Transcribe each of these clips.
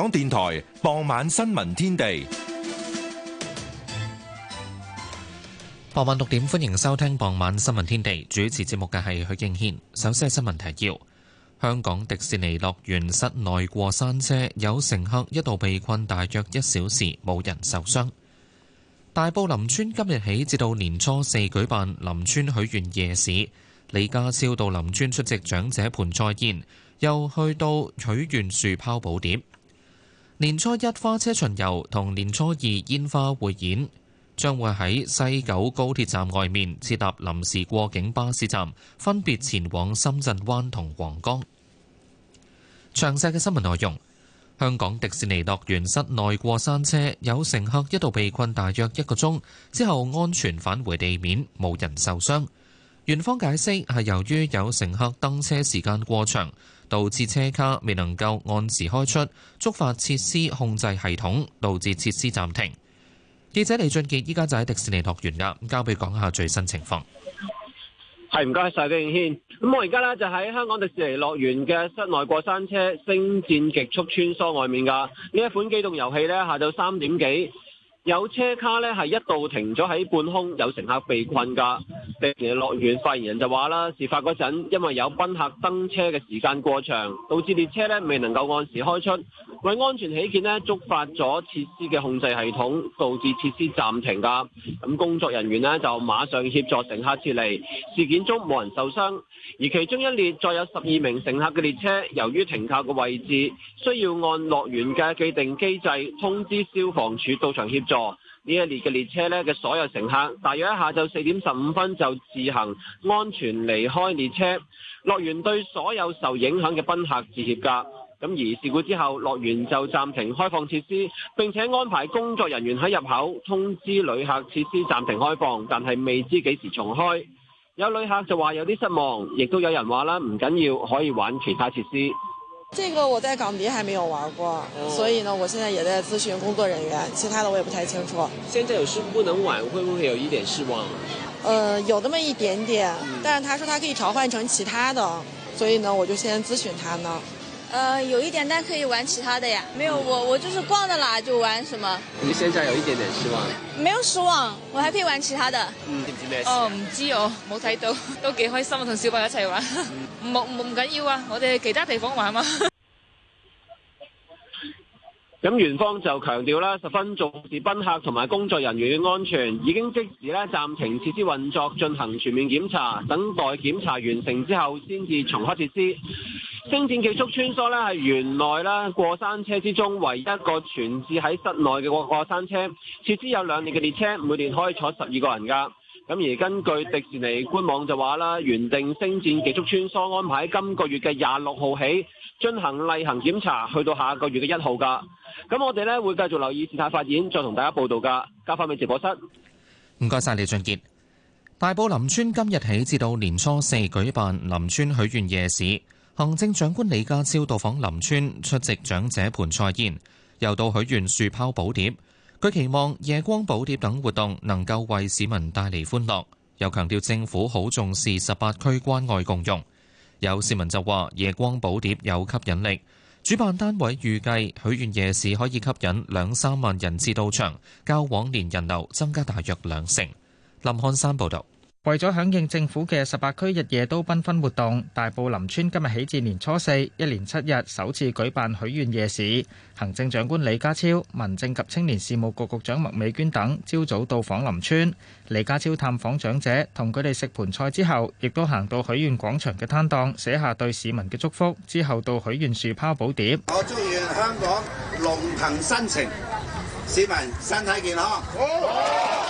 港電台傍晚新聞天地，傍晚六點，歡迎收聽傍晚新聞天地。主持節目嘅係許敬軒。首先係新聞提要：香港迪士尼樂園室內過山車有乘客一度被困，大約一小時，冇人受傷。大埔林村今日起至到年初四舉辦林村許願夜市。李家超到林村出席長者盤再宴，又去到取願樹拋寶點。年初一花車巡遊同年初二煙花匯演，將會喺西九高鐵站外面設立臨時過境巴士站，分別前往深圳灣同皇崗。詳細嘅新聞內容，香港迪士尼樂園室內過山車有乘客一度被困大約一個鐘，之後安全返回地面，冇人受傷。園方解釋係由於有乘客登車時間過長。導致車卡未能夠按時開出，觸發設施控制系統，導致設施暫停。記者李俊杰依家就喺迪士尼樂園噶，交俾講下最新情況。係唔該晒，李敬軒。咁我而家呢，就喺、是、香港迪士尼樂園嘅室內過山車《星戰極速穿梭》外面噶。呢一款機動遊戲呢，下晝三點幾。有車卡呢，係一度停咗喺半空，有乘客被困噶。迪士尼樂園發言人就話啦，事發嗰陣，因為有賓客登車嘅時間過長，導致列車呢未能夠按時開出，為安全起見呢觸發咗設施嘅控制系統，導致設施暫停噶。咁工作人員呢就馬上協助乘客撤離，事件中冇人受傷。而其中一列載有十二名乘客嘅列車，由於停靠嘅位置需要按樂園嘅既定機制通知消防處到場協助。呢一列嘅列車呢，嘅所有乘客，大約喺下晝四點十五分就自行安全離開列車。樂園對所有受影響嘅賓客致歉㗎。咁而事故之後，樂園就暫停開放設施，並且安排工作人員喺入口通知旅客設施暫停開放，但係未知幾時重開。有旅客就話有啲失望，亦都有人話啦，唔緊要，可以玩其他設施。這個我在港迪還沒有玩過，Oh. 所以呢，我現在也在諮詢工作人員，其他的我也不太清楚。現在有事不能玩，會不會有一點失望？呃，有那麼一點點，嗯、但是他說他可以調換成其他的，所以呢，我就先諮詢他呢。呃，有一點，但可以玩其他的呀。沒有我，我就是逛的啦，就玩什麼，嗯。你現在有一點點失望？沒有失望，我還可以玩其他的。嗯，哦，唔知哦，冇睇到，都幾開心，同小朋友一齊玩。嗯冇唔緊要啊！我哋其他地方玩啊。嘛？咁園方就強調啦，十分重視賓客同埋工作人員嘅安全，已經即時咧暫停設施運作，進行全面檢查。等待檢查完成之後，先至重開設施。星戰急速穿梭呢，係園內咧過山車之中唯一一個全置喺室內嘅過過山車設施，有兩列嘅列車，每列可以坐十二個人㗎。咁而根據迪士尼官網就話啦，原定《星戰：極速穿梭》安排今個月嘅廿六號起進行例行檢查，去到下個月嘅一號噶。咁我哋呢會繼續留意事態發展，再同大家報道噶。交返俾直播室。唔該晒，李俊傑。大埔林村今日起至到年初四舉辦林村許願夜市。行政長官李家超到訪林村，出席長者盆菜宴，又到許願樹拋寶碟。佢期望夜光寶碟等活動能夠為市民帶嚟歡樂，又強調政府好重視十八區關愛共融。有市民就話夜光寶碟有吸引力，主辦單位預計許願夜市可以吸引兩三萬人次到場，較往年人流增加大約兩成。林漢山報導。為咗響應政府嘅十八區日夜都繽紛活動，大埔林村今日起至年初四一連七日首次舉辦許願夜市。行政長官李家超、民政及青年事務局局局長麥美娟等朝早到訪林村，李家超探訪長者，同佢哋食盆菜之後，亦都行到許願廣場嘅攤檔寫下對市民嘅祝福，之後到許願樹拋寶碟。我祝願香港龍騰新城，市民身體健康。好好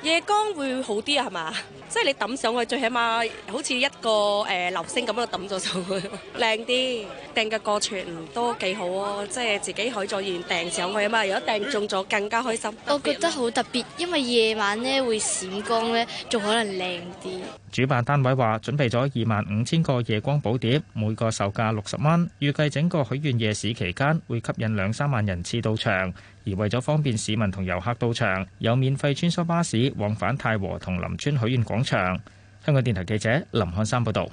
夜光會好啲啊，係嘛？即係你抌上去，最起碼好似一個誒流星咁樣抌咗上去，呵呵靚啲。訂嘅歌曲都幾好喎，即係自己許願願訂上去啊嘛，如果訂中咗更加開心。我覺得好特別，嘛因為夜晚呢會閃光呢，仲可能靚啲。主辦單位話準備咗二萬五千個夜光寶碟，每個售價六十蚊，預計整個許願夜市期間會吸引兩三萬人次到場。而為咗方便市民同遊客到場，有免費穿梭巴士往返太和同林村許願廣場。香港電台記者林漢山報道。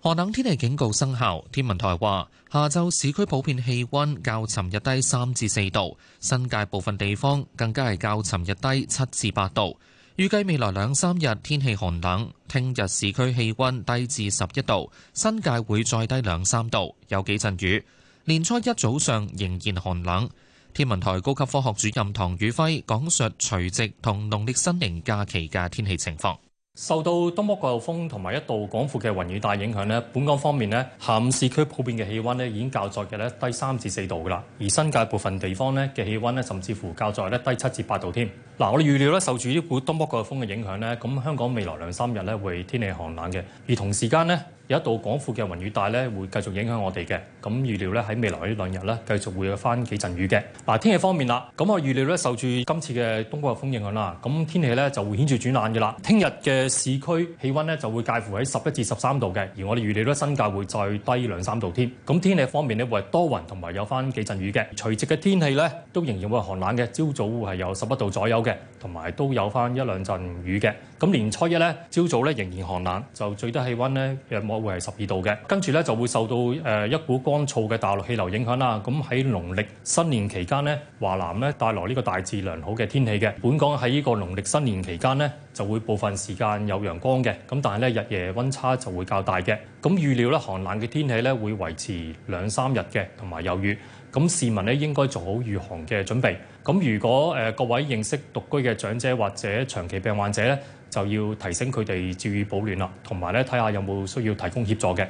寒冷天氣警告生效，天文台話，下晝市區普遍氣溫較尋日低三至四度，新界部分地方更加係較尋日低七至八度。預計未來兩三日天氣寒冷，聽日市區氣溫低至十一度，新界會再低兩三度，有幾陣雨。年初一早上仍然寒冷。天文台高級科學主任唐宇輝講述除夕同農曆新年假期嘅天氣情況。受到東北季候風同埋一道廣闊嘅雲雨帶影響呢，本港方面呢，下午市區普遍嘅氣溫咧已經較昨日咧低三至四度噶啦，而新界部分地方呢嘅氣溫咧甚至乎較昨日低七至八度添。嗱，我哋預料呢受住呢股東北季候風嘅影響呢，咁香港未來兩三日呢會天氣寒冷嘅，而同時間呢。有一道廣闊嘅雲雨帶咧，會繼續影響我哋嘅。咁預料咧喺未來兩呢兩日咧，繼續會有翻幾陣雨嘅。嗱，天氣方面啦，咁我預料咧受住今次嘅東北季風影響啦，咁天氣咧就會顯著轉冷嘅啦。聽日嘅市區氣溫咧就會介乎喺十一至十三度嘅，而我哋預料到新界會再低兩三度添。咁天氣方面咧會多雲同埋有翻幾陣雨嘅。隨節嘅天氣咧都仍然會寒冷嘅，朝早會係有十一度左右嘅，同埋都有翻一兩陣雨嘅。咁年初一呢，朝早呢仍然寒冷，就最低氣溫呢，約莫會係十二度嘅。跟住呢就會受到誒一股乾燥嘅大陸氣流影響啦。咁喺農曆新年期間呢，華南呢帶來呢個大致良好嘅天氣嘅。本港喺呢個農曆新年期間呢，就會部分時間有陽光嘅。咁但係呢日夜溫差就會較大嘅。咁預料呢寒冷嘅天氣呢會維持兩三日嘅，同埋有雨。咁市民呢應該做好禦寒嘅準備。咁如果誒各位認識獨居嘅長者或者長期病患者呢。就要提醒佢哋注意保暖啦，同埋咧睇下有冇需要提供協助嘅。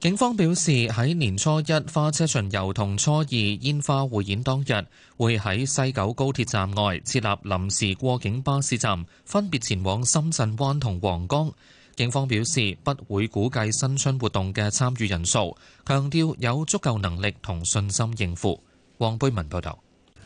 警方表示喺年初一花車巡遊同初二煙花匯演當日，會喺西九高鐵站外設立臨時過境巴士站，分別前往深圳灣同皇崗。警方表示不會估計新春活動嘅參與人數，強調有足夠能力同信心應付。黃貝文報道。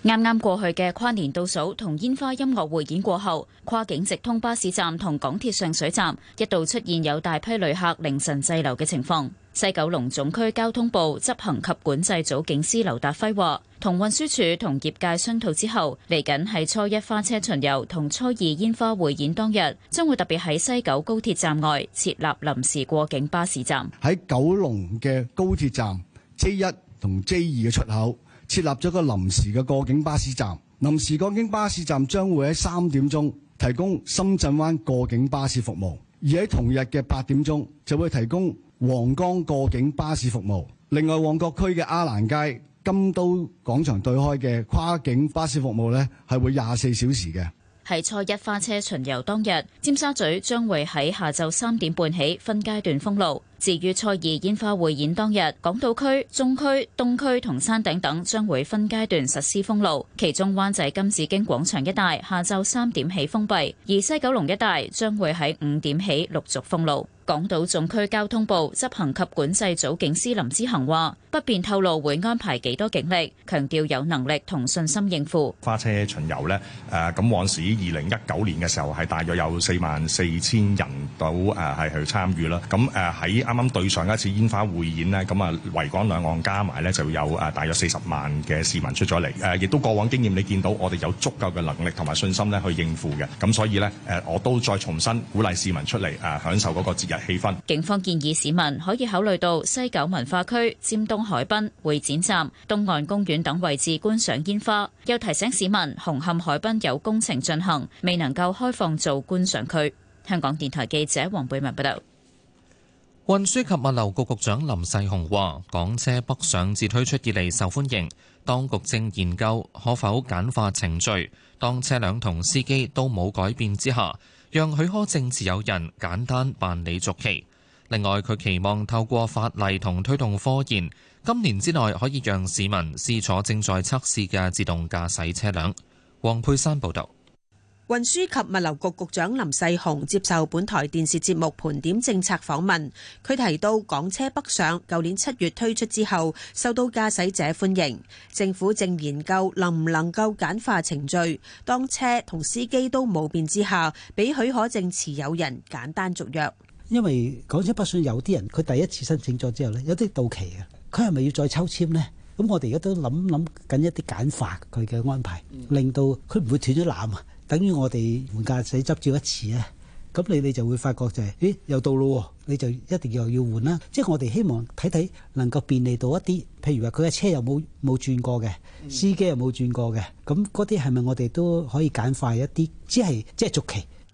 啱啱過去嘅跨年倒數同煙花音樂匯演過後，跨境直通巴士站同港鐵上水站一度出現有大批旅客凌晨滯留嘅情況。西九龍總區交通部執行及管制組警司劉達輝話，同運輸署同業界商討之後，嚟緊喺初一花車巡遊同初二煙花匯演當日，將會特別喺西九高鐵站外設立臨時過境巴士站，喺九龍嘅高鐵站 J 一同 J 二嘅出口。設立咗個臨時嘅過境巴士站，臨時過境巴士站將會喺三點鐘提供深圳灣過境巴士服務，而喺同日嘅八點鐘就會提供皇崗過境巴士服務。另外，旺角區嘅亞蘭街金都廣場對開嘅跨境巴士服務呢，係會廿四小時嘅。喺初一花車巡遊當日，尖沙咀將會喺下晝三點半起分階段封路。至於初二煙花匯演當日，港島區、中區、東區同山頂等將會分階段實施封路，其中灣仔金紫荊廣場一帶下晝三點起封閉，而西九龍一帶將會喺五點起陸續封路。港島總區交通部執行及管制組警司林之恒話：不便透露會安排幾多警力，強調有能力同信心應付花車巡遊咧。誒，咁往時二零一九年嘅時候係大約有四萬四千人到誒係去參與啦。咁誒喺啱啱對上一次煙花匯演咧，咁啊維港兩岸加埋咧就有誒大約四十萬嘅市民出咗嚟。誒，亦都過往經驗你見到我哋有足夠嘅能力同埋信心咧去應付嘅。咁所以咧誒我都再重新鼓勵市民出嚟誒享受嗰個節日。警方建議市民可以考慮到西九文化區、尖東海濱會展站、東岸公園等位置觀賞煙花。又提醒市民，紅磡海濱有工程進行，未能夠開放做觀賞區。香港電台記者黃貝文報道。運輸及物流局局長林世雄話：港車北上自推出以嚟受歡迎，當局正研究可否簡化程序，當車輛同司機都冇改變之下，讓許可證持有人簡單辦理續期。另外，佢期望透過法例同推動科研，今年之內可以讓市民試坐正在測試嘅自動駕駛車輛。黃佩珊報道。運輸及物流局局長林世雄接受本台電視節目盤點政策訪問，佢提到港車北上，舊年七月推出之後，受到駕駛者歡迎。政府正研究能唔能夠簡化程序，當車同司機都冇變之下，俾許可證持有人簡單續約。因為港車北上有啲人，佢第一次申請咗之後呢，有啲到期嘅，佢係咪要再抽籤呢？咁我哋而家都諗諗緊一啲簡化佢嘅安排，令到佢唔會斷咗纜啊。等於我哋換駕駛執照一次啊，咁你哋就會發覺就係、是，咦又到咯，你就一定要又要換啦。即係我哋希望睇睇能夠便利到一啲，譬如話佢嘅車又冇冇轉過嘅，嗯、司機又冇轉過嘅，咁嗰啲係咪我哋都可以簡化一啲？只係即係續期。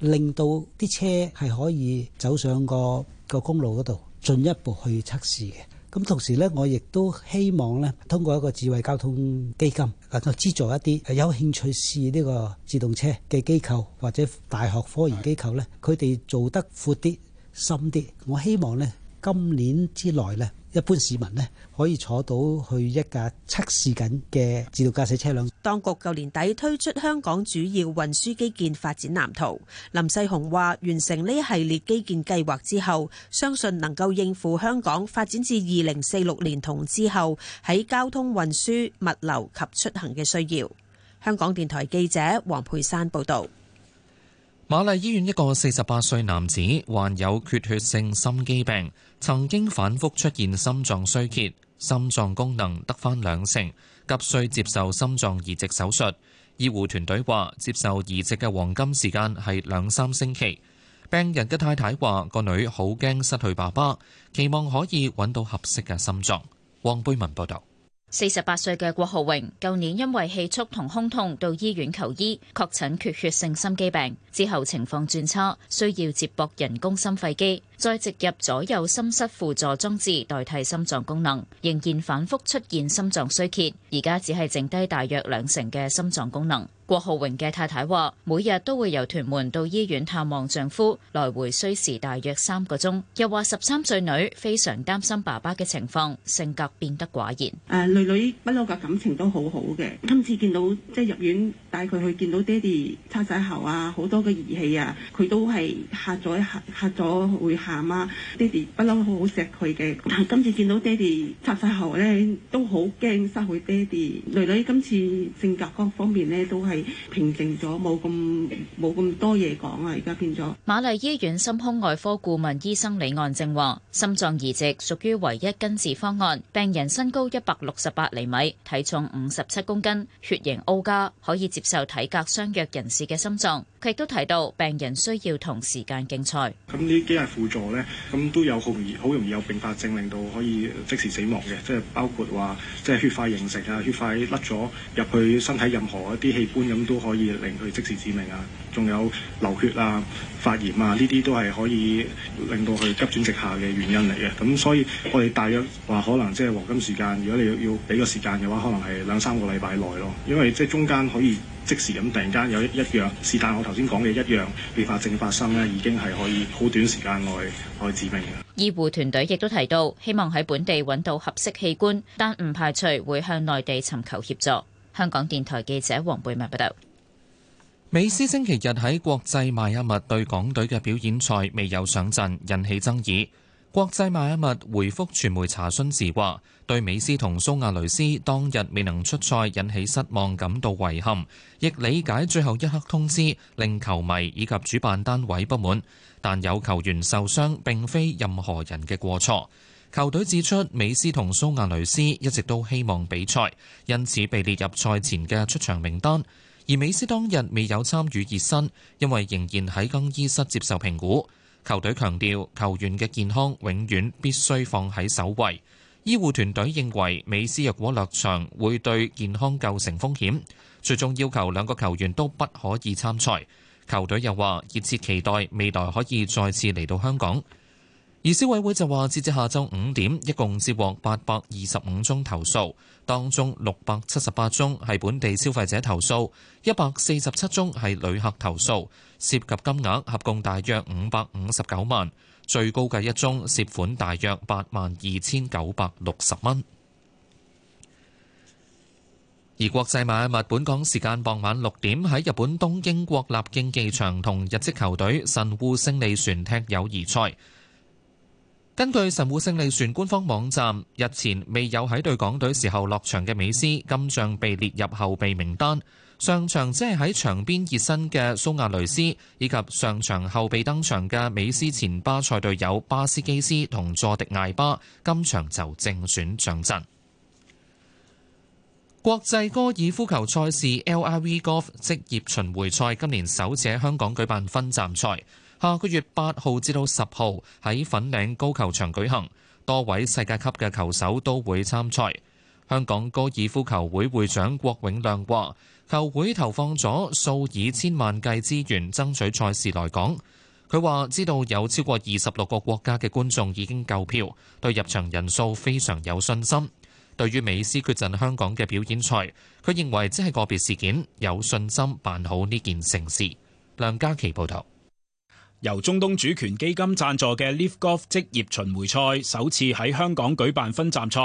令到啲車係可以走上個個公路嗰度，進一步去測試嘅。咁同時呢，我亦都希望呢，通過一個智慧交通基金，能夠資助一啲有興趣試呢個自動車嘅機構或者大學科研機構呢，佢哋做得闊啲、深啲。我希望呢，今年之內呢。一般市民呢可以坐到去一架測試緊嘅自動駕駛車輛。當局舊年底推出香港主要運輸基建發展藍圖。林世雄話：完成呢一系列基建計劃之後，相信能夠應付香港發展至二零四六年同之後喺交通運輸、物流及出行嘅需要。香港電台記者黃佩珊報導。瑪麗醫院一個四十八歲男子患有缺血性心肌病，曾經反覆出現心臟衰竭，心臟功能得返兩成，急需接受心臟移植手術。醫護團隊話，接受移植嘅黃金時間係兩三星期。病人嘅太太話：個女好驚失去爸爸，期望可以揾到合適嘅心臟。黃貝文報道。四十八歲嘅郭浩榮，舊年因為氣促同胸痛到醫院求醫，確診缺血性心肌病，之後情況轉差，需要接駁人工心肺機。再植入左右心室輔助裝置代替心臟功能，仍然反復出現心臟衰竭，而家只係剩低大約兩成嘅心臟功能。郭浩榮嘅太太話每日都會由屯門到醫院探望丈夫，來回需時大約三個鐘，又話十三歲女非常擔心爸爸嘅情況，性格變得寡言。誒，女女不嬲嘅感情都好好嘅，今次見到即係入院帶佢去見到爹哋，插晒喉啊，好多嘅儀器啊，佢都係吓咗吓嚇咗會。媽媽、爹哋不嬲，好好錫佢嘅。但今次見到爹哋拆晒喉咧，都好驚，失去爹哋。女女今次性格各方面咧都係平靜咗，冇咁冇咁多嘢講啊！而家變咗。瑪麗醫院心胸外科顧問醫生李岸正話：心臟移植屬於唯一根治方案。病人身高一百六十八厘米，體重五十七公斤，血型 O 加，可以接受體格相若人士嘅心臟。佢都提到，病人需要同時間競賽。咁呢幾日輔助咧，咁都有好容易，好容易有併發症，令到可以即時死亡嘅，即係包括話，即係血塊形成啊，血塊甩咗入去身體任何一啲器官，咁都可以令佢即時致命啊。仲有流血啊、發炎啊，呢啲都係可以令到佢急轉直下嘅原因嚟嘅。咁所以我哋大約話，可能即係黃金時間。如果你要要俾個時間嘅話，可能係兩三個禮拜內咯，因為即係中間可以。即時咁突然間有一樣一樣，是但我頭先講嘅一樣併發症發生咧，已經係可以好短時間內可以，內致命嘅。醫護團隊亦都提到，希望喺本地揾到合適器官，但唔排除會向內地尋求協助。香港電台記者黃貝文報道。美斯星期日喺國際邁阿密對港隊嘅表演賽未有上陣，引起爭議。國際邁阿密回覆傳媒查詢時話：對美斯同蘇亞雷斯當日未能出賽引起失望感到遺憾，亦理解最後一刻通知令球迷以及主辦單位不滿。但有球員受傷並非任何人嘅過錯。球隊指出，美斯同蘇亞雷斯一直都希望比賽，因此被列入賽前嘅出場名單。而美斯當日未有參與熱身，因為仍然喺更衣室接受評估。球隊強調，球員嘅健康永遠必須放喺首位。醫護團隊認為，美斯若果落場，會對健康構成風險，最終要求兩個球員都不可以參賽。球隊又話熱切期待未來可以再次嚟到香港。而消委會就話，截至下晝五點，一共接獲八百二十五宗投訴。當中六百七十八宗係本地消費者投訴，一百四十七宗係旅客投訴，涉及金額合共大約五百五十九萬，最高嘅一宗涉款大約八萬二千九百六十蚊。而國際米蘭本港時間傍晚六點喺日本東京國立競技場同日職球隊神戶勝利船踢友誼賽。根據神戶勝利船官方網站，日前未有喺對港隊時候落場嘅美斯，今仗被列入後備名單。上場只係喺場邊熱身嘅蘇亞雷斯，以及上場後備登場嘅美斯前巴塞隊友巴斯基斯同佐迪艾巴，今場就正選上陣。國際高爾夫球賽事 LIV Golf 職業巡迴賽今年首次喺香港舉辦分站賽。下個月八號至到十號喺粉嶺高球場舉行，多位世界級嘅球手都會參賽。香港高爾夫球會會長郭永亮話：球會投放咗數以千萬計資源爭取賽事來港。佢話知道有超過二十六個國家嘅觀眾已經購票，對入場人數非常有信心。對於美斯缺陣香港嘅表演賽，佢認為只係個別事件，有信心辦好呢件盛事。梁家琪報道。由中東主權基金贊助嘅 LIV Golf 職業巡回賽首次喺香港舉辦分站賽，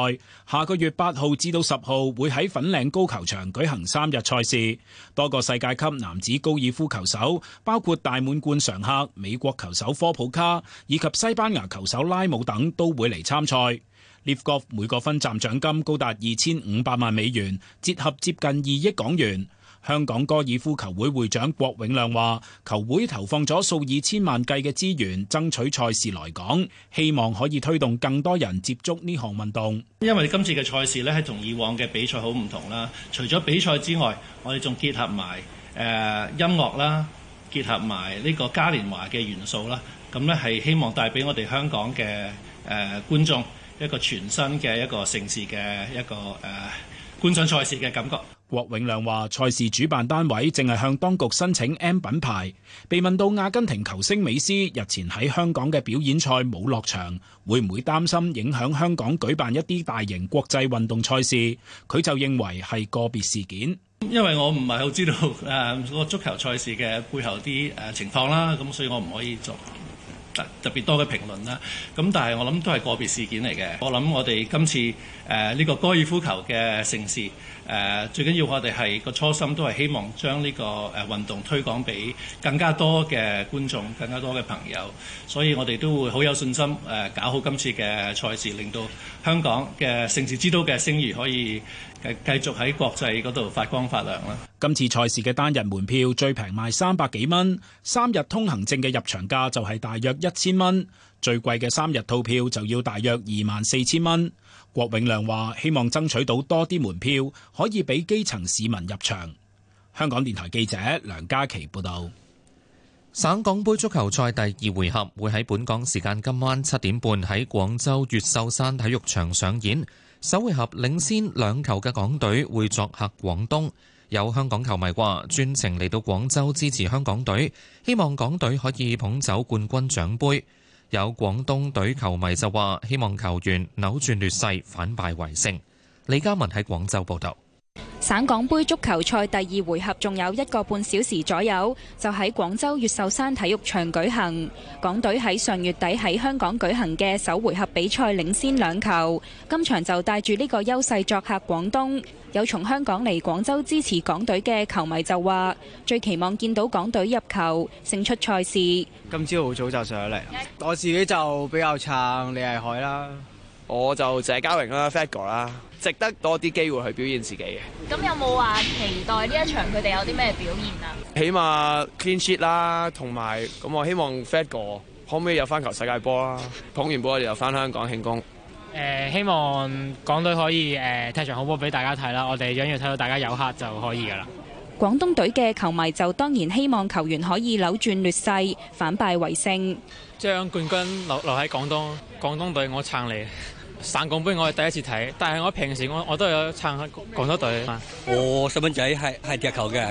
下個月八號至到十號會喺粉嶺高球場舉行三日賽事。多個世界級男子高爾夫球手，包括大滿貫常客美國球手科普卡以及西班牙球手拉姆等，都會嚟參賽。LIV Golf 每個分站獎金高達二千五百萬美元，折合接近二億港元。香港高爾夫球會會長郭永亮話，球會投放咗數以千萬計嘅資源，爭取賽事來港，希望可以推動更多人接觸呢項運動。因為今次嘅賽事咧，係同以往嘅比賽好唔同啦。除咗比賽之外，我哋仲結合埋誒、呃、音樂啦，結合埋呢個嘉年華嘅元素啦。咁咧，係希望帶俾我哋香港嘅誒、呃、觀眾一個全新嘅一個盛事嘅一個誒、呃、觀賞賽事嘅感覺。郭永亮話：賽事主辦單位正係向當局申請 M 品牌。被問到阿根廷球星美斯日前喺香港嘅表演賽冇落場，會唔會擔心影響香港舉辦一啲大型國際運動賽事？佢就認為係個別事件，因為我唔係好知道誒，個足球賽事嘅背後啲誒情況啦，咁所以我唔可以做特特別多嘅評論啦。咁但係我諗都係個別事件嚟嘅。我諗我哋今次誒呢個高爾夫球嘅盛事。誒、uh, 最緊要我哋係個初心都係希望將呢、這個誒、uh, 運動推廣俾更加多嘅觀眾、更加多嘅朋友，所以我哋都會好有信心誒、uh, 搞好今次嘅賽事，令到香港嘅盛事之都嘅聲譽可以繼繼續喺國際嗰度發光發亮啦！今次賽事嘅單日門票最平賣三百幾蚊，三日通行證嘅入場價就係大約一千蚊，最貴嘅三日套票就要大約二萬四千蚊。郭永亮話：希望爭取到多啲門票，可以俾基層市民入場。香港電台記者梁嘉琪報道。省港杯足球賽第二回合會喺本港時間今晚七點半喺廣州越秀山體育場上演。首回合領先兩球嘅港隊會作客廣東，有香港球迷話專程嚟到廣州支持香港隊，希望港隊可以捧走冠軍獎盃。有廣東隊球迷就話希望球員扭轉劣勢反敗為勝，李嘉文喺廣州報道。省港杯足球賽第二回合仲有一個半小時左右，就喺廣州越秀山體育場舉行。港隊喺上月底喺香港舉行嘅首回合比賽領先兩球，今場就帶住呢個優勢作客廣東。有從香港嚟廣州支持港隊嘅球迷就話，最期望見到港隊入球，勝出賽事。今朝好早就上嚟，我自己就比較撐李艾海啦。我就謝家榮啦，Fat 哥啦，值得多啲機會去表現自己嘅。咁有冇話期待呢一場佢哋有啲咩表現啊？起碼 Clean Sheet 啦，同埋咁我希望 Fat 哥可唔可以有翻球世界波啦？捧完波我哋又翻香港慶功。誒、呃，希望港隊可以誒、呃、踢場好波俾大家睇啦，我哋想要睇到大家有客就可以噶啦。廣東隊嘅球迷就當然希望球員可以扭轉劣勢，反敗為勝，將冠軍留留喺廣東。廣東隊我撐你。省港杯我係第一次睇，但係我平時我我都有撐廣州隊。我細蚊仔係係踢球嘅，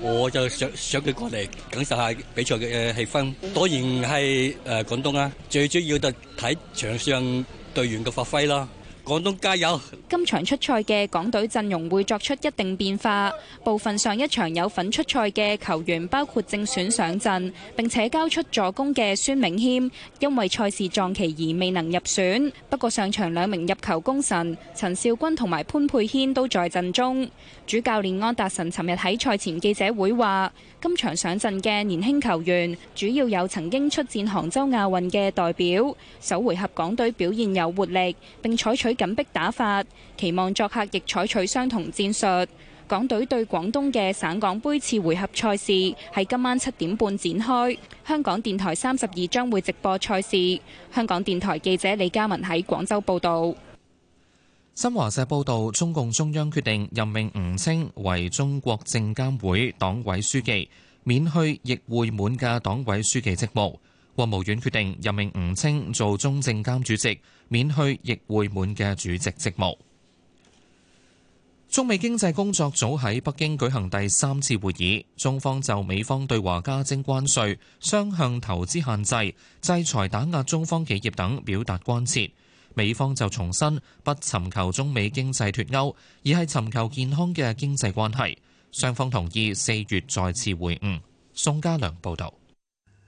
我就想想佢過嚟感受下比賽嘅氣氛。當然係誒、呃、廣東啦、啊，最主要就睇場上隊員嘅發揮啦。廣東加油！今場出賽嘅港隊陣容會作出一定變化，部分上一場有份出賽嘅球員包括正選上陣並且交出助攻嘅孫銘謙，因為賽事撞期而未能入選。不過上場兩名入球功臣陳肇君同埋潘佩軒都在陣中。主教練安達臣尋日喺賽前記者會話：今場上陣嘅年輕球員主要有曾經出戰杭州亞運嘅代表。首回合港隊表現有活力，並採取緊迫打法，期望作客亦採取相同戰術。港隊對廣東嘅省港杯次回合賽事係今晚七點半展開，香港電台三十二將會直播賽事。香港電台記者李嘉文喺廣州報道。新華社報道，中共中央決定任命吳清為中國證監會黨委書記，免去易會滿嘅黨委書記職務。國務院決定任命吳清做中證監主席，免去易會滿嘅主席職務。中美經濟工作組喺北京舉行第三次會議，中方就美方對華加徵關稅、雙向投資限制、制裁打壓中方企業等表達關切。美方就重申不尋求中美經濟脫鈎，而係尋求健康嘅經濟關係。雙方同意四月再次會晤。宋家良報道。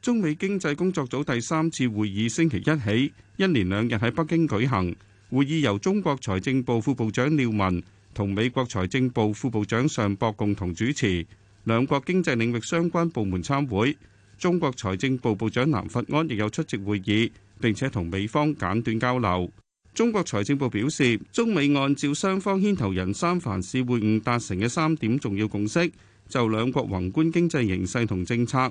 中美經濟工作組第三次會議星期一起，一連兩日喺北京舉行。會議由中國財政部副部長廖岷同美國財政部副部長尚博共同主持，兩國經濟領域相關部門參會。中國財政部部長南佛安亦有出席會議，並且同美方簡短交流。中國財政部表示，中美按照雙方牽頭人三藩市會晤達成嘅三點重要共識，就兩國宏觀經濟形勢同政策。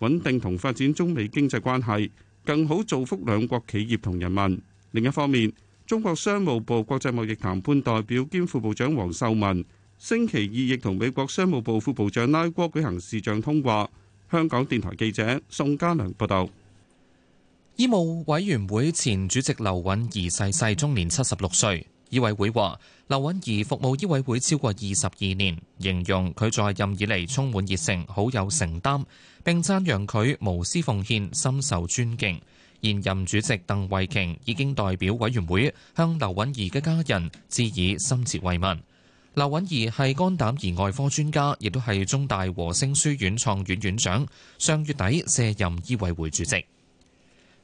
穩定同發展中美經濟關係，更好造福兩國企業同人民。另一方面，中國商務部國際貿易談判代表兼副部長王秀文星期二亦同美國商務部副部長拉哥舉行視像通話。香港電台記者宋嘉良報道。醫務委員會前主席劉允怡逝世，世，終年七十六歲。醫委會話，劉允儀服務醫委會超過二十二年，形容佢在任以嚟充滿熱誠，好有承擔，並讚揚佢無私奉獻，深受尊敬。現任主席鄧慧瓊已經代表委員會向劉允儀嘅家人致以深切慰問。劉允儀係肝膽胰外科專家，亦都係中大和聲書院創院院長。上月底卸任醫委會主席。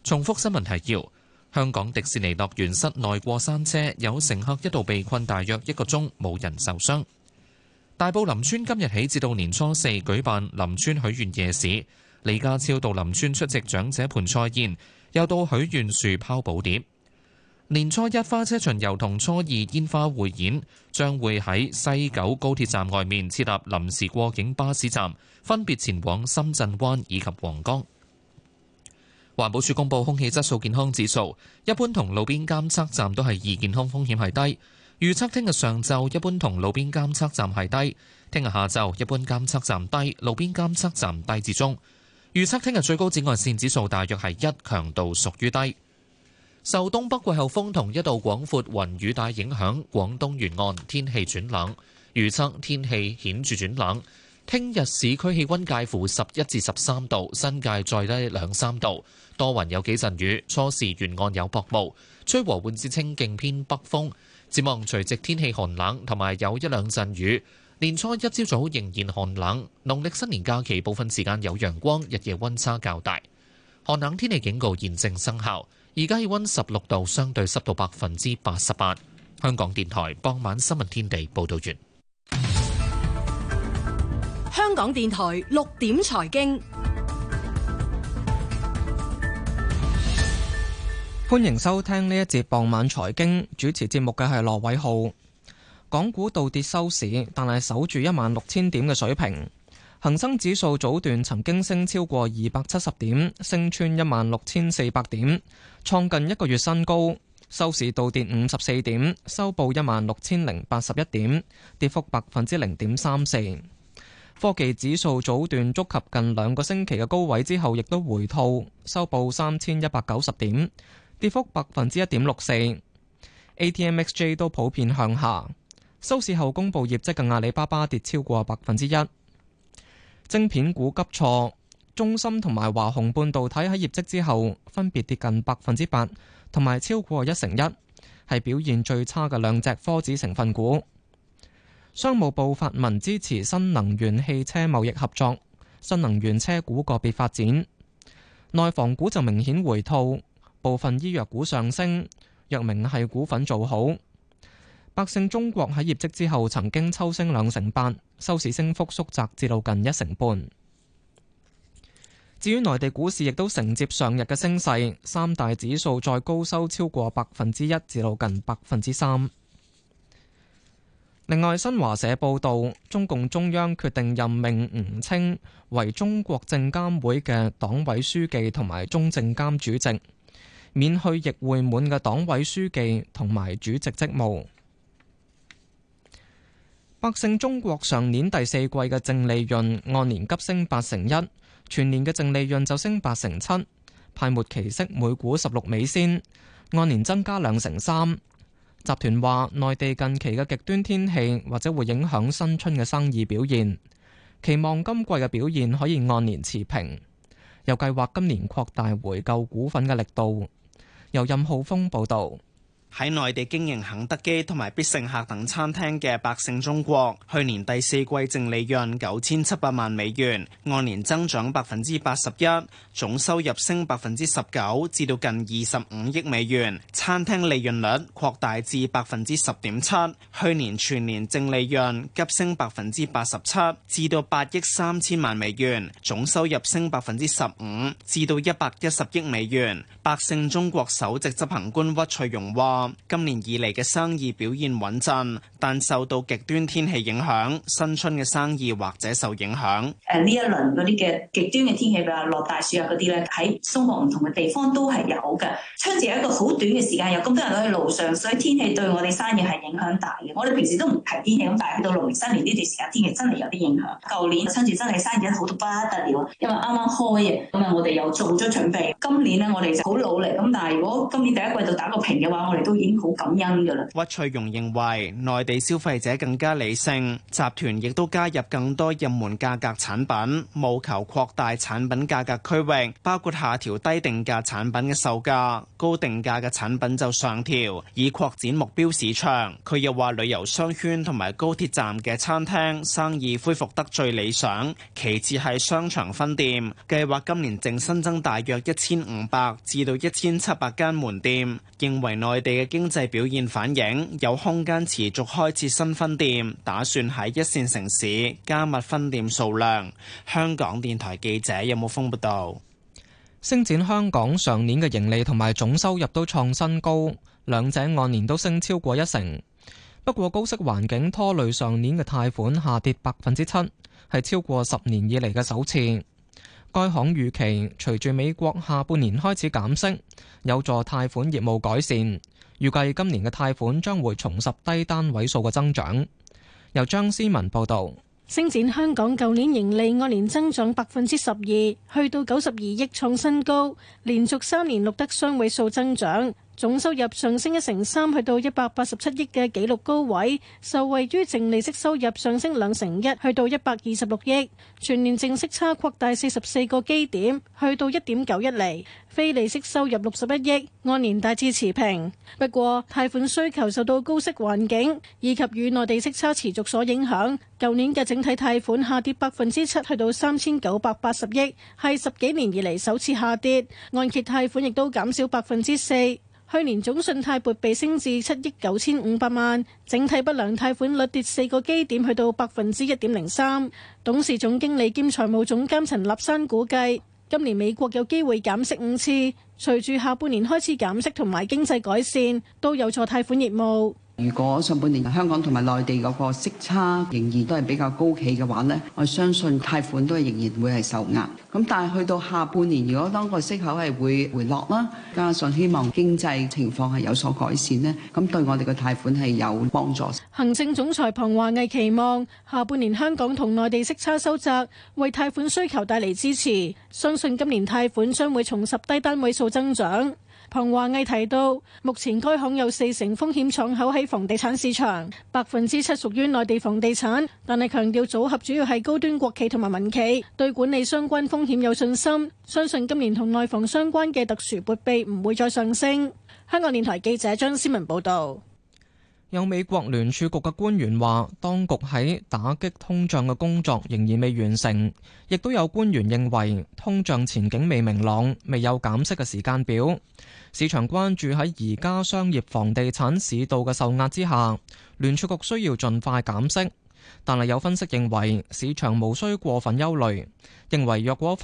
重複新聞提要。香港迪士尼樂園室內過山車有乘客一度被困大約一個鐘，冇人受傷。大埔林村今日起至到年初四舉辦林村許願夜市，李家超到林村出席長者盆菜宴，又到許願樹拋寶碟。年初一花車巡遊同初二煙花匯演將會喺西九高鐵站外面設立臨時過境巴士站，分別前往深圳灣以及皇崗。環保署公布空氣質素健康指數，一般同路邊監測站都係二。健康風險係低。預測聽日上晝一般同路邊監測站係低，聽日下晝一般監測站低，路邊監測站低至中。預測聽日最高紫外線指數大約係一，強度屬於低。受東北季候風同一道廣闊雲雨帶影響，廣東沿岸天氣轉冷。預測天氣顯著轉冷。聽日市區氣溫介乎十一至十三度，新界再低兩三度，多雲有幾陣雨，初時沿岸有薄霧，吹和緩至清勁偏北風。展望除夕天氣寒冷，同埋有，有一兩陣雨。年初一朝早仍然寒冷，農曆新年假期部分時間有陽光，日夜溫差較大。寒冷天氣警告現正生效，而家氣溫十六度，相對濕度百分之八十八。香港電台傍晚新聞天地報道完。香港電台六點財經，歡迎收聽呢一節傍晚財經，主持節目嘅係羅偉浩。港股倒跌收市，但係守住一萬六千點嘅水平。恒生指數早段曾經升超過二百七十點，升穿一萬六千四百點，創近一個月新高。收市倒跌五十四點，收報一萬六千零八十一點，跌幅百分之零點三四。科技指數早段觸及近兩個星期嘅高位之後，亦都回吐，收報三千一百九十點，跌幅百分之一點六四。ATMXJ 都普遍向下，收市後公布業績嘅阿里巴巴跌超過百分之一。晶片股急挫，中芯同埋華虹半導體喺業績之後分別跌近百分之八同埋超過一成一，係表現最差嘅兩隻科指成分股。商務部發文支持新能源汽車貿易合作，新能源車股個別發展，內房股就明顯回吐，部分醫藥股上升，藥明系股份做好。百勝中國喺業績之後曾經抽升兩成八，收市升幅縮窄至到近一成半。至於內地股市亦都承接上日嘅升勢，三大指數再高收超過百分之一，至到近百分之三。另外，新華社報道，中共中央決定任命吳清為中國證監會嘅黨委書記同埋中證監主席，免去易會滿嘅黨委書記同埋主席職務。百勝中國上年第四季嘅淨利潤按年急升八成一，全年嘅淨利潤就升八成七，派末期息每股十六美仙，按年增加兩成三。集團話，內地近期嘅極端天氣或者會影響新春嘅生意表現，期望今季嘅表現可以按年持平，又計劃今年擴大回購股份嘅力度。由任浩峰報道。喺內地經營肯德基同埋必勝客等餐廳嘅百勝中國，去年第四季淨利潤九千七百萬美元，按年增長百分之八十一，總收入升百分之十九，至到近二十五億美元。餐廳利潤率擴大至百分之十點七，去年全年淨利潤急升百分之八十七，至到八億三千萬美元，總收入升百分之十五，至到一百一十億美元。百勝中國首席執行官屈翠容話。今年以嚟嘅生意表現穩陣，但受到極端天氣影響，新春嘅生意或者受影響。誒，呢一輪嗰啲嘅極端嘅天氣，比如落大雪啊嗰啲咧，喺中國唔同嘅地方都係有嘅。春節一個好短嘅時間，有咁多人喺路上，所以天氣對我哋生意係影響大嘅。我哋平時都唔睇天氣，咁但係去到龍年新年呢段時間，天氣真係有啲影響。舊年春節真係生意好到不得了，因為啱啱開嘅，咁啊我哋又做咗準備。今年咧我哋就好努力，咁但係如果今年第一季度打個平嘅話，我哋都。已經好感恩㗎喇。屈翠容認為內地消費者更加理性，集團亦都加入更多入門價格產品，務求擴大產品價格區域，包括下調低定價產品嘅售價，高定價嘅產品就上調，以擴展目標市場。佢又話旅遊商圈同埋高鐵站嘅餐廳生意恢復得最理想，其次係商場分店，計劃今年淨新增大約一千五百至到一千七百間門店，認為內地。經濟表現反映有空間持續開設新分店，打算喺一線城市加密分店數量。香港電台記者任木峰報道：星展香港上年嘅盈利同埋總收入都創新高，兩者按年都升超過一成。不過高息環境拖累上年嘅貸款下跌百分之七，係超過十年以嚟嘅首次。該行預期隨住美國下半年開始減息，有助貸款業務改善。預計今年嘅貸款將會重拾低單位數嘅增長。由張思文報道，星展香港舊年盈利按年增長百分之十二，去到九十二億創新高，連續三年錄得雙位數增長。總收入上升一成三，去到一百八十七億嘅紀錄高位，受惠於淨利息收入上升兩成一，去到一百二十六億。全年淨息差擴大四十四個基點，去到一點九一厘。非利息收入六十一億，按年大致持平。不過，貸款需求受到高息環境以及與內地息差持續所影響，舊年嘅整體貸款下跌百分之七，去到三千九百八十億，係十幾年以嚟首次下跌。按揭貸款亦都減少百分之四。去年總信貸撥備升至七億九千五百萬，整體不良貸款率跌四個基點，去到百分之一點零三。董事總經理兼財務總監陳立山估計，今年美國有機會減息五次，隨住下半年開始減息同埋經濟改善，都有助貸款業務。如果上半年香港同埋內地嗰個息差仍然都係比較高企嘅話咧，我相信貸款都係仍然會係受壓，咁但係去到下半年，如果當個息口係會回落啦，加上希望經濟情況係有所改善咧，咁對我哋嘅貸款係有幫助。行政總裁龐華毅期望下半年香港同內地息差收窄，為貸款需求帶嚟支持。相信今年貸款將會重拾低單位數增長。彭華毅提到，目前該行有四成風險敞口喺房地產市場，百分之七屬於內地房地產，但係強調組合主要係高端國企同埋民企，對管理相關風險有信心，相信今年同內房相關嘅特殊撥備唔會再上升。香港電台記者張思文報導。有美國聯儲局嘅官員話，當局喺打擊通脹嘅工作仍然未完成，亦都有官員認為通脹前景未明朗，未有減息嘅時間表。市場關注喺而家商業房地產市道嘅受壓之下，聯儲局需要盡快減息。但係有分析認為市場無需過分憂慮，認為若果，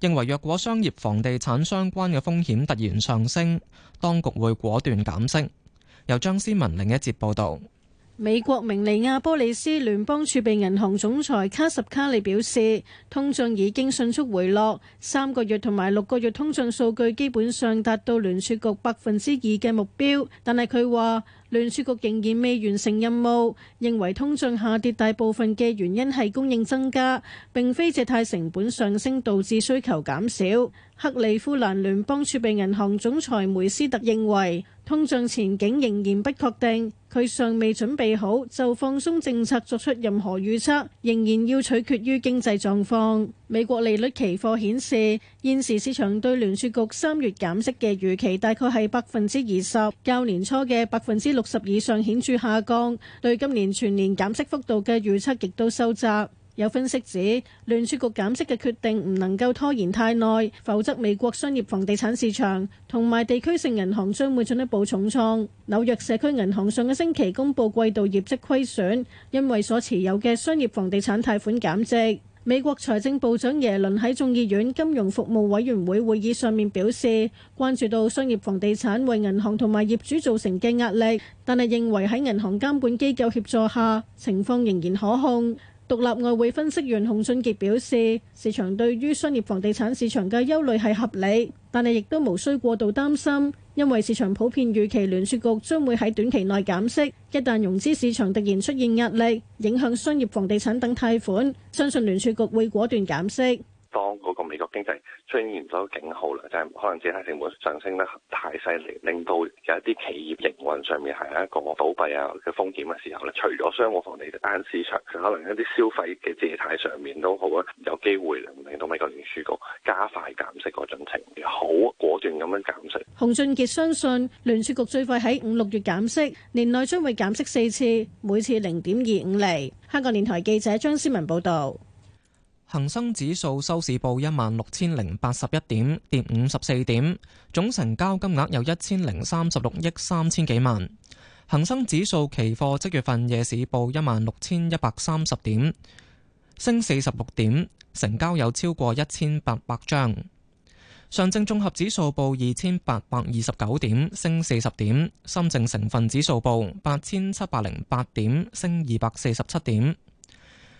認為若果商業房地產相關嘅風險突然上升，當局會果斷減息。由張思文另一節報道。美國明尼阿波利斯聯邦儲備銀行總裁卡什卡利表示，通脹已經迅速回落，三個月同埋六個月通脹數據基本上達到聯儲局百分之二嘅目標，但係佢話聯儲局仍然未完成任務，認為通脹下跌大部分嘅原因係供應增加，並非借貸成本上升導致需求減少。克利夫蘭聯邦儲備銀行總裁梅斯特認為，通脹前景仍然不確定，佢尚未準備好就放鬆政策作出任何預測，仍然要取決於經濟狀況。美國利率期貨顯示，現時市場對聯儲局三月減息嘅預期，大概係百分之二十，較年初嘅百分之六十以上顯著下降，對今年全年減息幅度嘅預測亦都收窄。有分析指，聯儲局減息嘅決定唔能夠拖延太耐，否則美國商業房地產市場同埋地區性銀行將會進一步重創。紐約社區銀行上個星期公布季度業績虧損，因為所持有嘅商業房地產貸款減值。美國財政部長耶倫喺眾議院金融服務委員會會議上面表示，關注到商業房地產為銀行同埋業主造成嘅壓力，但係認為喺銀行監管機構協助下，情況仍然可控。獨立外匯分析員洪俊傑表示，市場對於商業房地產市場嘅憂慮係合理，但係亦都無需過度擔心，因為市場普遍預期聯儲局將會喺短期內減息。一旦融資市場突然出現壓力，影響商業房地產等貸款，相信聯儲局會果斷減息。當嗰個美國經濟出現咗警號啦，就係可能借貸成本上升得太犀利，令到有一啲企業營運上面係一個惡倒閉啊嘅風險嘅時候咧，除咗商務、房地產市場，可能一啲消費嘅借貸上面都好啊，有機會令到美國聯儲局加快減息個進程，好果斷咁樣減息。洪俊杰相信聯儲局最快喺五六月減息，年內將會減息四次，每次零點二五厘。香港電台記者張思文報導。恒生指數收市報一萬六千零八十一點，跌五十四點，總成交金額有一千零三十六億三千幾萬。恒生指數期貨即月份夜市報一萬六千一百三十點，升四十六點，成交有超過一千八百張。上證綜合指數報二千八百二十九點，升四十點。深證成分指數報八千七百零八點，升二百四十七點。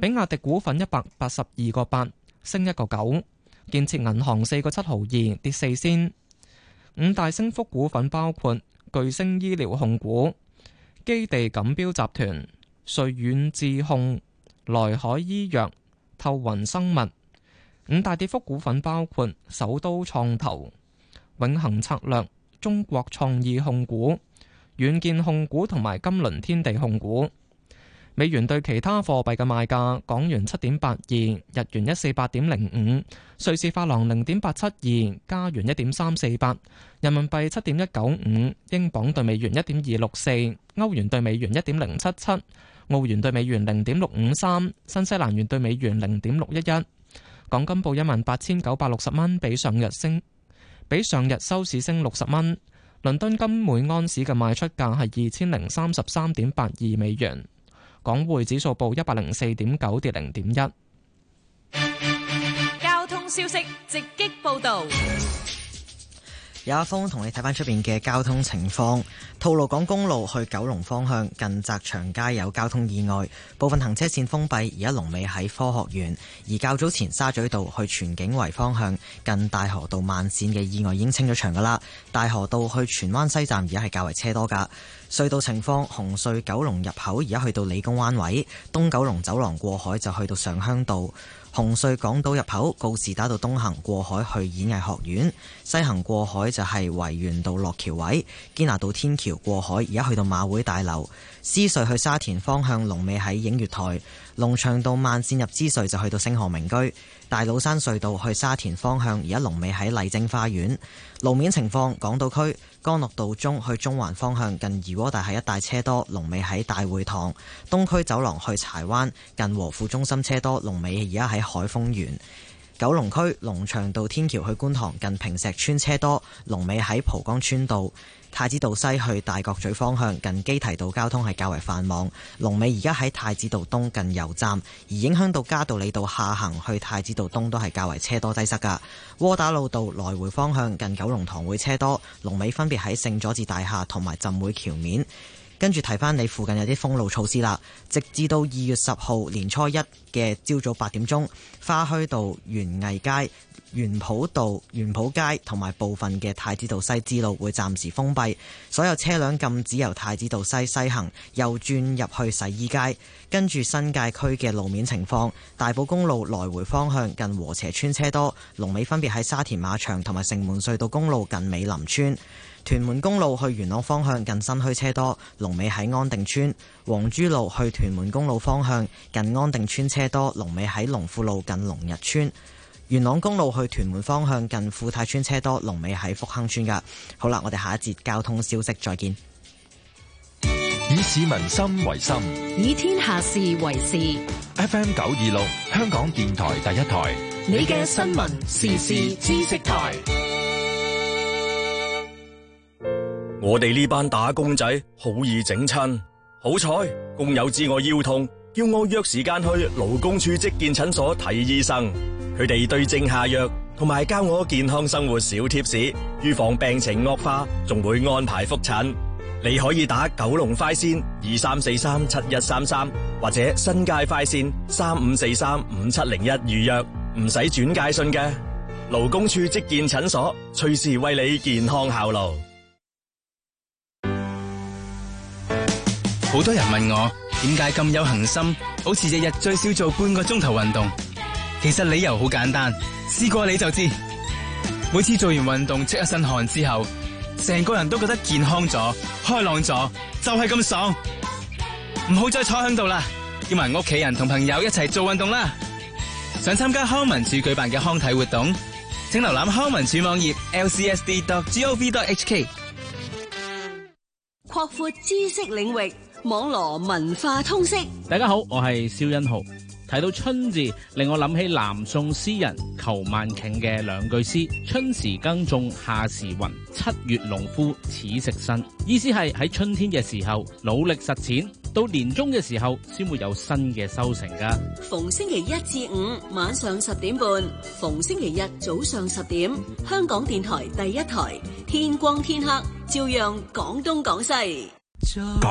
比亞迪股份一百八十二個八升一個九，建設銀行四個七毫二跌四仙。五大升幅股份包括巨星醫療控股、基地錦標集團、瑞遠智控、來海醫藥、透雲生物。五大跌幅股份包括首都創投、永恒策略、中國創意控股、軟件控股同埋金輪天地控股。美元對其他貨幣嘅賣價，港元七點八二，日元一四八點零五，瑞士法郎零點八七二，加元一點三四八，人民幣七點一九五，英鎊對美元一點二六四，歐元對美元一點零七七，澳元對美元零點六五三，新西蘭元對美元零點六一一。港金報一萬八千九百六十蚊，比上日升，比上日收市升六十蚊。倫敦金每安士嘅賣出價係二千零三十三點八二美元。港匯指數報一百零四點九，跌零點一。交通消息，直擊報道。有阿峰同你睇翻出邊嘅交通情況，吐露港公路去九龍方向近澤祥街有交通意外，部分行車線封閉。而家龍尾喺科學園。而較早前沙咀道去荃景圍方向近大河道慢綫嘅意外已經清咗場噶啦。大河道去荃灣西站而家係較為車多噶。隧道情況，紅隧九龍入口而家去到理工灣位，東九龍走廊過海就去到上鄉道。紅隧港島入口，告士打道東行過海去演藝學院，西行過海就係維園道落橋位堅拿道天橋過海，而家去到馬會大樓。獅隧去沙田方向龍尾喺映月台，龍翔道慢線入獅隧就去到星河名居。大老山隧道去沙田方向，而家龍尾喺麗晶花園。路面情況：港島區干諾道中去中環方向，近怡和大廈一帶車多，龍尾喺大會堂。東區走廊去柴灣，近和富中心車多，龍尾而家喺海峰園。九龍區龍翔道天橋去觀塘，近平石村車多，龍尾喺蒲崗村道。太子道西去大角咀方向，近基堤道交通係較為繁忙。龍尾而家喺太子道東近油站，而影響到嘉道理道下行去太子道東都係較為車多擠塞噶。窩打老道來回方向近九龍塘會車多，龍尾分別喺聖佐治大廈同埋浸會橋面。跟住提翻你附近有啲封路措施啦，直至到二月十號年初一嘅朝早八點鐘，花墟道園藝街，元普道、園圃街同埋部分嘅太子道西支路會暫時封閉，所有車輛禁止由太子道西西行，右轉入去洗衣街。跟住新界區嘅路面情況，大埔公路來回方向近禾輋邨車多，龍尾分別喺沙田馬場同埋城門隧道公路近美林村；屯門公路去元朗方向近新墟車多，龍尾喺安定村；皇珠路去屯門公路方向近安定村車多，龍尾喺龍富路近龍日村。元朗公路去屯門方向近富泰村車多，龍尾喺福亨村㗎。好啦，我哋下一節交通消息再見。以市民心為心，以天下事為事。FM 九二六，香港電台第一台，你嘅新聞時事知識台。我哋呢班打工仔好易整親，好彩工友知我腰痛。要我約時間去勞工處職健診所睇醫生，佢哋對症下藥，同埋教我健康生活小貼士，預防病情惡化，仲會安排復診。你可以打九龍快線二三四三七一三三，或者新界快線三五四三五七零一預約，唔使轉介信嘅。勞工處職健診所隨時為你健康效勞。好多人問我。點解咁有恆心？好似日日最少做半個鐘頭運動。其實理由好簡單，試過你就知。每次做完運動出一身汗之後，成個人都覺得健康咗、開朗咗，就係咁爽。唔好再坐響度啦，叫埋屋企人同朋友一齊做運動啦。想參加康文署舉辦嘅康體活動，請瀏覽康文署網頁 lcsd.gov.hk。擴闊知識領域，網羅文化通識，大家好，我係蕭欣豪。睇到春字，令我諗起南宋詩人裘萬頃嘅兩句詩：春時耕種，夏時云；七月農夫始食新。意思係喺春天嘅時候努力實踐，到年終嘅時候先會有新嘅收成噶。逢星期一至五晚上十點半，逢星期日早上十點，香港電台第一台，天光天黑，照樣講東講西。